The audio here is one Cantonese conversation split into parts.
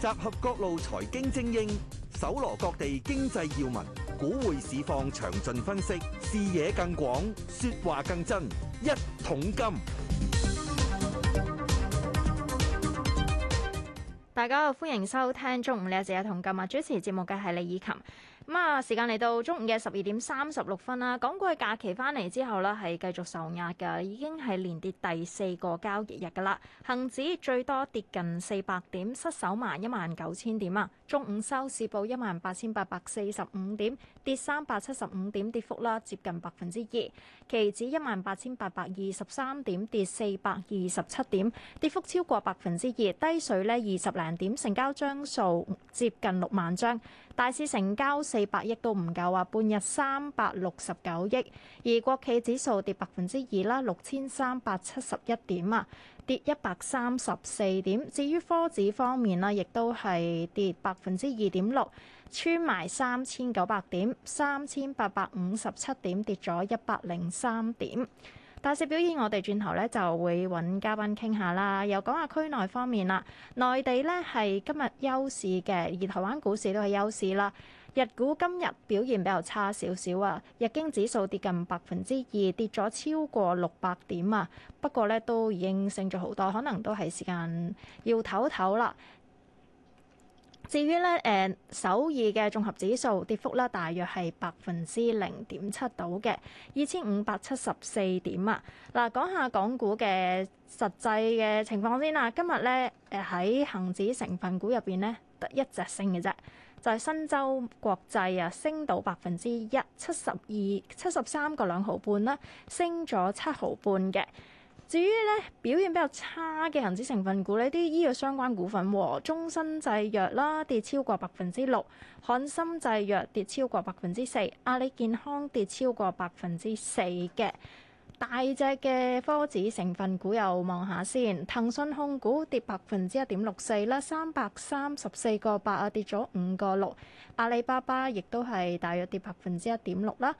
集合各路財經精英，搜羅各地經濟要聞，股匯市況詳盡分析，視野更廣，說話更真，一桶金。大家好，歡迎收聽《中午夜時》，同今日主持節目嘅係李以琴。咁啊，時間嚟到中午嘅十二點三十六分啦。港股嘅假期翻嚟之後呢，係繼續受壓嘅，已經係連跌第四個交易日㗎啦。恒指最多跌近四百點，失守埋一萬九千點啊。中午收市報一萬八千八百四十五點。跌三百七十五點，跌幅啦接近百分之二。期指一萬八千八百二十三點，跌四百二十七點，跌幅超過百分之二。低水呢，二十零點，成交張數接近六萬張。大市成交四百億都唔夠啊，半日三百六十九億。而國企指數跌百分之二啦，六千三百七十一點啊，跌一百三十四點。至於科指方面咧，亦都係跌百分之二點六。穿埋三千九百點，三千八百五十七點，跌咗一百零三點。大市表現，我哋轉頭咧就會揾嘉賓傾下啦。又講下區內方面啦，內地呢係今日休市嘅，而台灣股市都係休市啦。日股今日表現比較差少少啊，日經指數跌近百分之二，跌咗超過六百點啊。不過呢都已經升咗好多，可能都係時間要唞唞啦。至於咧，誒、啊、首爾嘅綜合指數跌幅咧，大約係百分之零點七到嘅二千五百七十四點啊。嗱、啊，講下港股嘅實際嘅情況先啦。今日咧，誒、啊、喺恒指成分股入邊咧得一隻升嘅啫，就係、是、新洲國際啊，升到百分之一七十二七十三個兩毫半啦，升咗七毫半嘅。至於咧，表現比較差嘅恆指成分股呢啲醫藥相關股份喎，中生製藥啦，跌超過百分之六，漢森製藥跌超過百分之四，阿里健康跌超過百分之四嘅。大隻嘅科指成分股又望下先，騰訊控股跌百分之一點六四啦，三百三十四個八啊跌咗五個六，阿里巴巴亦都係大約跌百分之一點六啦。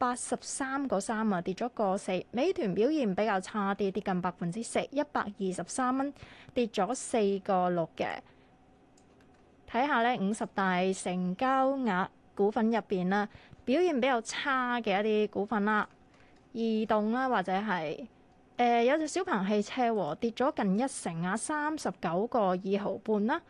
八十三個三啊，3，跌咗個四。美團表現比較差啲，跌近百分之四。一百二十三蚊跌咗四個六嘅。睇下呢五十大成交額股份入邊啦，表現比較差嘅一啲股份啦，移動啦或者係誒、呃、有隻小鵬汽車跌咗近一成啊，三十九個二毫半啦。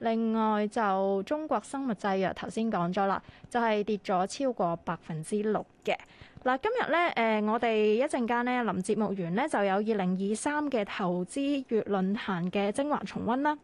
另外就中國生物製藥頭先講咗啦，就係、是、跌咗超過百分之六嘅嗱。今日呢，誒、呃，我哋一陣間呢臨節目完呢，就有二零二三嘅投資月論壇嘅精華重温啦。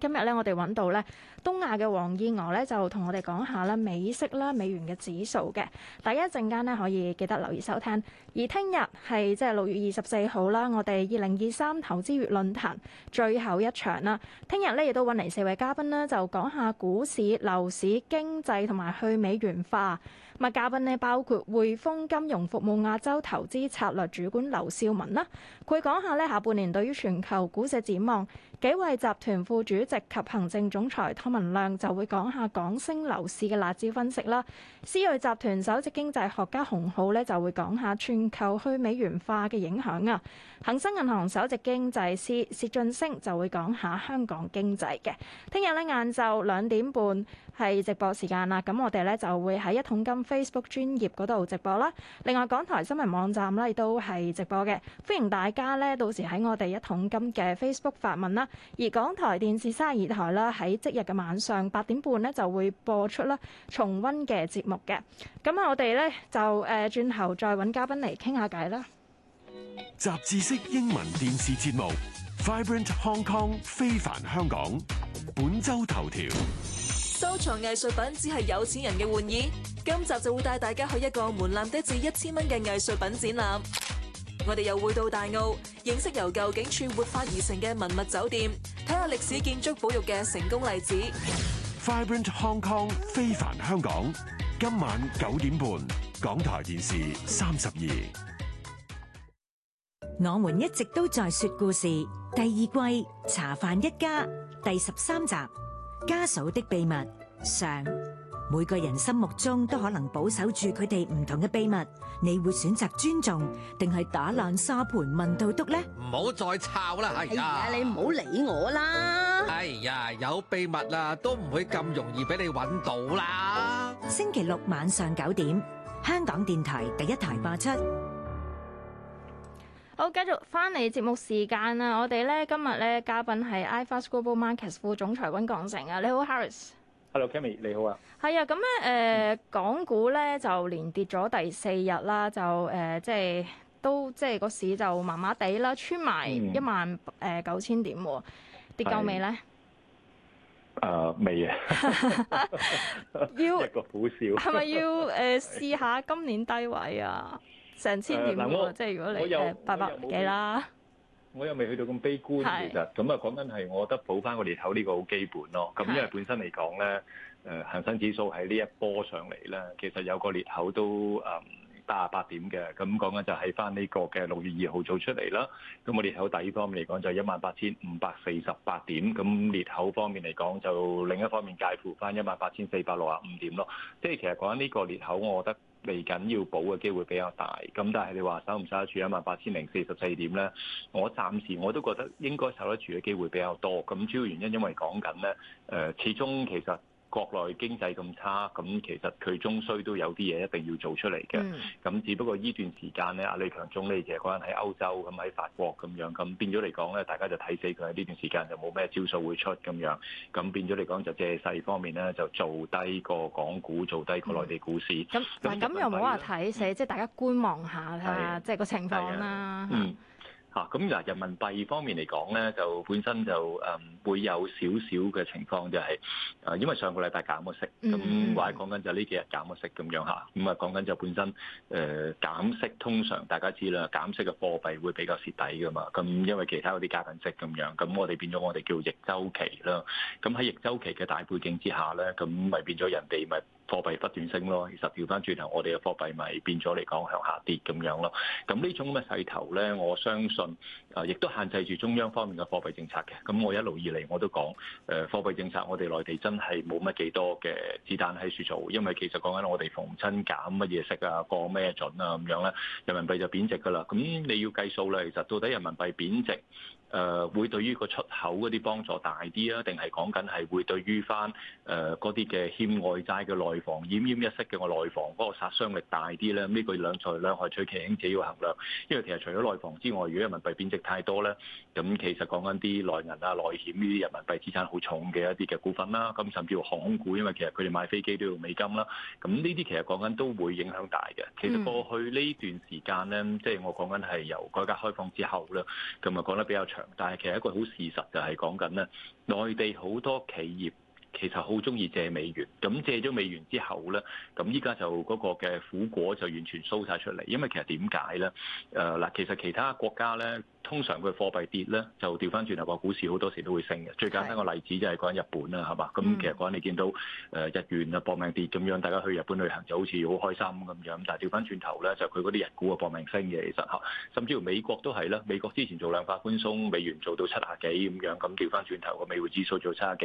今日咧，我哋揾到咧東亞嘅黃燕娥咧，就同我哋講下咧美息啦、美元嘅指數嘅，大家一陣間咧可以記得留意收聽。而聽日係即係六月二十四號啦，我哋二零二三投資月論壇最後一場啦。聽日咧亦都揾嚟四位嘉賓咧，就講下股市、樓市、經濟同埋去美元化。物嘉賓咧包括匯豐金融服務亞洲投資策略主管劉少文啦，佢講下呢下半年對於全球股市展望。幾位集團副主席及行政總裁湯文亮就會講下港星樓市嘅辣招分析啦。思睿集團首席經濟學家洪浩呢就會講下全球去美元化嘅影響啊。恒生銀行首席經濟師薛俊升就會講下香港經濟嘅。聽日呢，晏晝兩點半係直播時間啦，咁我哋呢就會喺一桶金 Facebook 專業嗰度直播啦，另外港台新聞網站咧都係直播嘅，歡迎大家咧到時喺我哋一桶金嘅 Facebook 發問啦。而港台電視三十二台啦，喺即日嘅晚上八點半咧就會播出啦，重温嘅節目嘅。咁啊，我哋咧就誒轉頭再揾嘉賓嚟傾下偈啦。雜誌式英文電視節目《Vibrant Hong Kong》非凡香港，本周頭條。收藏藝術品只係有錢人嘅玩意。今集就會帶大家去一個門檻低至一千蚊嘅藝術品展覽，我哋又會到大澳認識由舊警署活化而成嘅文物酒店，睇下歷史建築保育嘅成功例子。Vibrant Hong Kong 非凡香港，今晚九點半，港台電視三十二。我們一直都在說故事，第二季茶飯一家第十三集，家嫂的秘密上。每個人心目中都可能保守住佢哋唔同嘅秘密，你會選擇尊重定係打爛沙盤問到篤咧？唔好再抄啦！哎呀，你唔好理我啦！哎呀，有秘密啊，都唔會咁容易俾你揾到啦。星期六晚上九點，香港電台第一台播出。好，繼續翻嚟節目時間啊！我哋咧今日咧嘉賓係 IFAS Global Markets 副總裁溫鋼城啊。你好，Harris。Hello，Kami，你好啊。係啊，咁咧誒，港股咧就連跌咗第四日啦，就誒、呃、即係都即係個市就麻麻地啦，穿埋一萬誒九千點，跌夠未咧？誒、呃，未啊！ 要係咪 普 要誒試、呃、下今年低位啊？成千點喎，呃、即係如果你誒八百幾啦。我又未去到咁悲觀，是其實咁啊，講緊係我覺得補翻個裂口呢個好基本咯。咁因為本身嚟講咧，誒恆生指數喺呢一波上嚟咧，其實有個裂口都誒八十八點嘅。咁講緊就喺翻呢個嘅六月二號做出嚟啦。咁個裂口底方面嚟講就一萬八千五百四十八點。咁裂口方面嚟講就另一方面介乎翻一萬八千四百六十五點咯。即係其實講緊呢個裂口，我覺得，嚟緊要補嘅機會比較大，咁但係你話守唔守得住一萬八千零四十四點咧？我暫時我都覺得應該守得住嘅機會比較多，咁主要原因因為講緊咧，誒、呃，始終其實。國內經濟咁差，咁其實佢終須都有啲嘢一定要做出嚟嘅。咁、嗯、只不過呢段時間咧，阿李強總理，其實嗰陣喺歐洲，咁喺法國咁樣，咁變咗嚟講咧，大家就睇死佢喺呢段時間就冇咩招數會出咁樣。咁變咗嚟講，就借勢方面咧，就做低個港股，做低個內地股市。咁咁又冇話睇死，即係大家觀望下睇下，即係的的個情況啦。的啊，咁、嗯、嗱，人民幣方面嚟講咧，就本身就誒、嗯、會有少少嘅情況，就係、是、誒，因為上個禮拜減咗息，咁話講緊就呢幾日減咗息咁樣吓，咁啊講緊就本身誒、呃、減息，通常大家知啦，減息嘅貨幣會比較蝕底㗎嘛，咁因為其他嗰啲加緊息咁樣，咁我哋變咗我哋叫逆周期啦，咁喺逆周期嘅大背景之下咧，咁咪變咗人哋咪貨幣不斷升咯，其實調翻轉頭，我哋嘅貨幣咪變咗嚟講向下跌咁樣咯。咁呢種咁嘅勢頭咧，我相信啊，亦都限制住中央方面嘅貨幣政策嘅。咁我一路以嚟我都講誒貨幣政策，我哋內地真係冇乜幾多嘅子彈喺處做，因為其實講緊我哋逢親減乜嘢息啊，過咩準啊咁樣咧，人民幣就貶值㗎啦。咁你要計數啦，其實到底人民幣貶值。誒會對於個出口嗰啲幫助大啲啊？定係講緊係會對於翻誒嗰啲嘅欠外債嘅內房、奄奄一息嘅個內房，嗰個殺傷力大啲咧？呢、呢個兩取兩害取其輕，就要衡量。因為其實除咗內房之外，如果人民幣貶值太多咧，咁其實講緊啲內銀啊、內險呢啲人民幣資產好重嘅一啲嘅股份啦，咁甚至乎航空股，因為其實佢哋買飛機都要美金啦，咁呢啲其實講緊都會影響大嘅。其實過去呢段時間咧，嗯、即係我講緊係由改革開放之後啦，咁啊講得比較但係，其實一個好事實就係講緊咧，內地好多企業。其實好中意借美元，咁借咗美元之後咧，咁依家就嗰個嘅苦果就完全收晒出嚟。因為其實點解咧？誒嗱，其實其他國家咧，通常佢貨幣跌咧，就調翻轉頭話股市好多時都會升嘅。最簡單個例子就係講日本啦，係嘛是？咁、嗯嗯、其實講你見到誒日元啊搏命跌，咁樣大家去日本旅行就好似好開心咁樣。但係調翻轉頭咧，就佢嗰啲日股啊搏命升嘅，其實嚇。甚至乎美國都係啦，美國之前做量化寬鬆，美元做到七啊幾咁樣，咁調翻轉頭個美匯指數做到七啊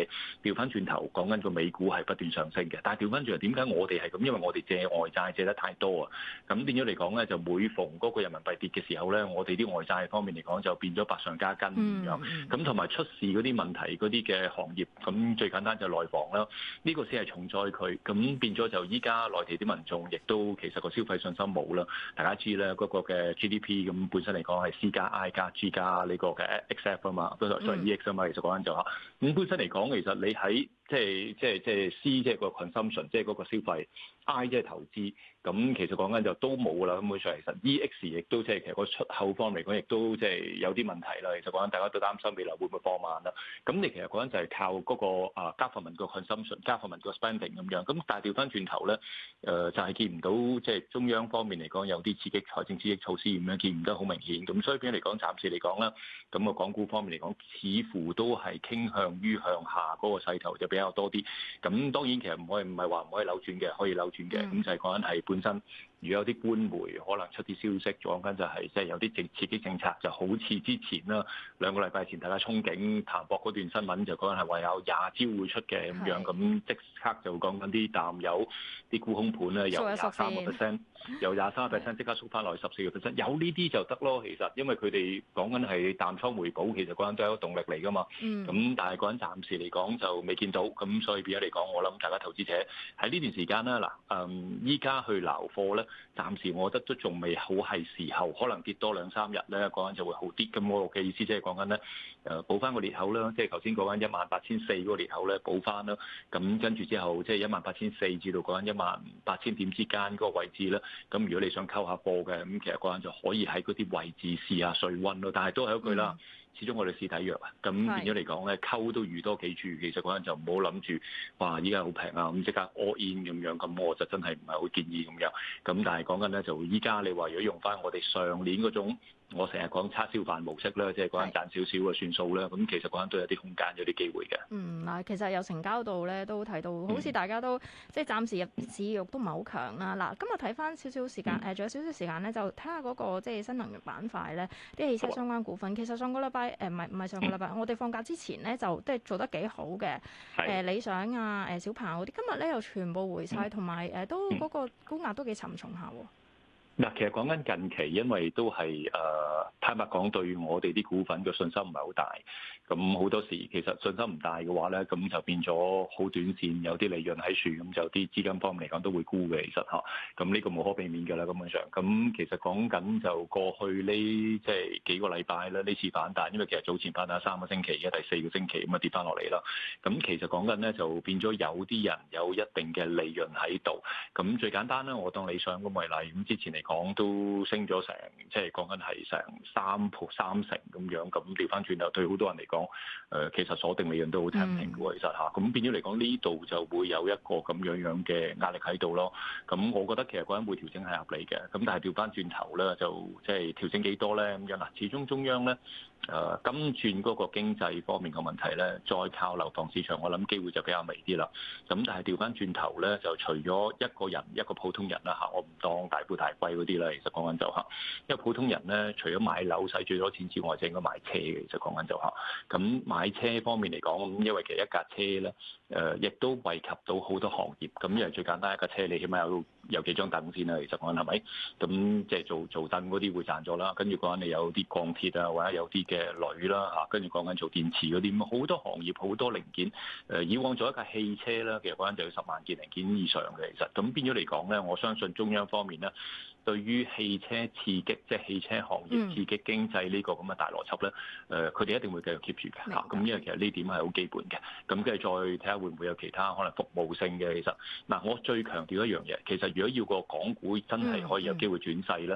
幾，調翻轉頭。講緊個美股係不斷上升嘅，但係調翻轉，點解我哋係咁？因為我哋借外債借得太多啊！咁變咗嚟講咧，就每逢嗰個人民幣跌嘅時候咧，我哋啲外債方面嚟講就變咗百上加斤咁樣。咁同埋出事嗰啲問題嗰啲嘅行業，咁最簡單就內房啦，呢、呢個先係重災區。咁變咗就依家內地啲民眾亦都其實個消費信心冇啦。大家知咧嗰個嘅 GDP 咁本身嚟講係 C 加 I 加 G 加呢個嘅 XF 啊嘛，都係 EX 啊嘛。嗯、其實講緊就嚇咁本身嚟講，其實你喺即係即係即係 C，即係個 consumption，即係嗰個消費；I 即係投資。咁其實講緊就都冇啦。咁冇錯，其實 EX 亦都即係其實個出口方嚟講，亦都即係有啲問題啦。其實講緊大家都擔心未來會唔會放慢啦。咁你其實講緊就係靠嗰個啊 government 個 consumption，government 個 spending 咁樣。咁但係調翻轉頭咧，誒就係見唔到即係中央方面嚟講有啲刺激財政刺激措施咁樣，見唔得好明顯。咁所以變咗嚟講，暫時嚟講啦，咁個港股方面嚟講，似乎都係傾向於向下嗰個勢頭就比較多啲，咁當然其實唔可以，唔係話唔可以扭轉嘅，可以扭轉嘅，咁就係講緊係本身。如果有啲官媒可能出啲消息，講緊就係即係有啲政刺激政策，就好似之前啦，兩個禮拜前大家憧憬談博嗰段新聞，就講緊係話有廿招會出嘅咁的樣，咁即刻就講緊啲淡友啲沽空盤咧，由廿三個 percent，由廿三個 percent 即刻縮翻來十四個 percent，有呢啲就得咯。其實因為佢哋講緊係淡倉回補，其實嗰陣都係一個動力嚟㗎嘛。咁、嗯、但係嗰陣暫時嚟講就未見到，咁所以變咗嚟講，我諗大家投資者喺呢段時間啦，嗱，嗯，依家去留貨咧。暫時我覺得都仲未好係時候，可能跌多兩三日咧，嗰陣就會好啲。咁我嘅意思即係講緊咧，誒補翻個裂口啦，即係頭先講緊一萬八千四嗰個裂口咧，補翻啦。咁、就是、跟住之後，即係一萬八千四至到嗰陣一萬八千點之間嗰個位置啦。咁如果你想溝下貨嘅，咁其實嗰陣就可以喺嗰啲位置試下水溫咯。但係都係一句啦。始終我哋市體弱啊，咁變咗嚟講咧，是溝都預多幾注，其實嗰陣就唔好諗住，哇！依家好平啊，咁即刻 all in 咁樣，咁我就真係唔係好建議咁樣。咁但係講緊咧，就依家你話如果用翻我哋上年嗰種。我成日講叉燒飯模式啦，即係嗰陣賺少少嘅算數啦。咁是的 其實嗰陣都有啲空間，有啲機會嘅。嗯，嗱，其實有成交度咧，都睇到好似大家都、嗯、即係暫時入市欲都唔係好強啦。嗱，今日睇翻少少時間，誒、嗯呃，仲有少少時間咧，就睇下嗰個即係新能源板塊咧，啲汽車相關股份。的其實上個禮拜誒，唔係唔係上個禮拜，嗯、我哋放假之前咧，就即係做得幾好嘅。係的、呃。理想啊，誒小鵬啲，今日咧又全部回晒，同埋誒都嗰個高壓都幾沉重下。嗯啊。嗱，其實講緊近期，因為都係誒。坦白講，對我哋啲股份嘅信心唔係好大。咁好多時其實信心唔大嘅話咧，咁就變咗好短線，有啲利潤喺度，咁就啲資金方面嚟講都會沽嘅。其實嚇，咁呢個無可避免㗎啦，根本上。咁其實講緊就過去呢，即係幾個禮拜咧，呢次反彈，因為其實早前反彈三個星期嘅，第四個星期咁啊跌返落嚟啦。咁其實講緊咧就變咗有啲人有一定嘅利潤喺度。咁最簡單咧，我當理想咁為例，咁之前嚟講都升咗成，即係講緊係成。三鋪三成，咁樣，咁調翻轉頭對好多人嚟講，誒其實鎖定利潤都好 t a p 其實嚇，咁變咗嚟講呢度就會有一個咁樣樣嘅壓力喺度咯。咁我覺得其實嗰陣會調整係合理嘅，咁但係調翻轉頭咧就即係調整幾多咧咁樣嗱，始終中央咧誒今轉嗰個經濟方面嘅問題咧，再靠樓房市場，我諗機會就比較微啲啦。咁但係調翻轉頭咧就除咗一個人一個普通人啦嚇，我唔當大富大貴嗰啲啦，其實講緊就嚇，因為普通人咧除咗買。樓市最多錢之外，就應該買車嘅。其實就講緊就嚇，咁買車方面嚟講，因為其實一架車咧，誒、呃、亦都惠及到好多行業。咁因為最簡單，一架車你起碼有有幾張凳先啦。其實講緊係咪？咁即係做做凳嗰啲會賺咗啦。跟住講緊你有啲鋼鐵啊，或者有啲嘅鋁啦嚇。跟住講緊做電池嗰啲咁，好多行業好多零件。誒、呃，以往做一架汽車咧，其實講緊就要十萬件零件以上嘅。其實咁變咗嚟講咧，我相信中央方面咧。對於汽車刺激，即係汽車行業刺激經濟呢個咁嘅大邏輯咧，誒，佢哋一定會繼續 keep 住嘅。嚇，咁因為其實呢點係好基本嘅。咁跟住再睇下會唔會有其他可能服務性嘅。其實嗱，我最強調一樣嘢，其實如果要個港股真係可以有機會轉勢咧，誒，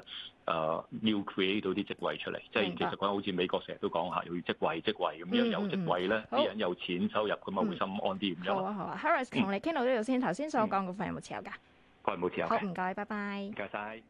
要 create 到啲職位出嚟。即係其實講好似美國成日都講下，要職位，職位咁樣有職位咧，啲人有錢收入咁啊，會心安啲。咁樣好啊好啊，Harris 同你傾到呢度先。頭先所講股份有冇持有㗎？概冇持有。好唔該，拜拜。唔該曬。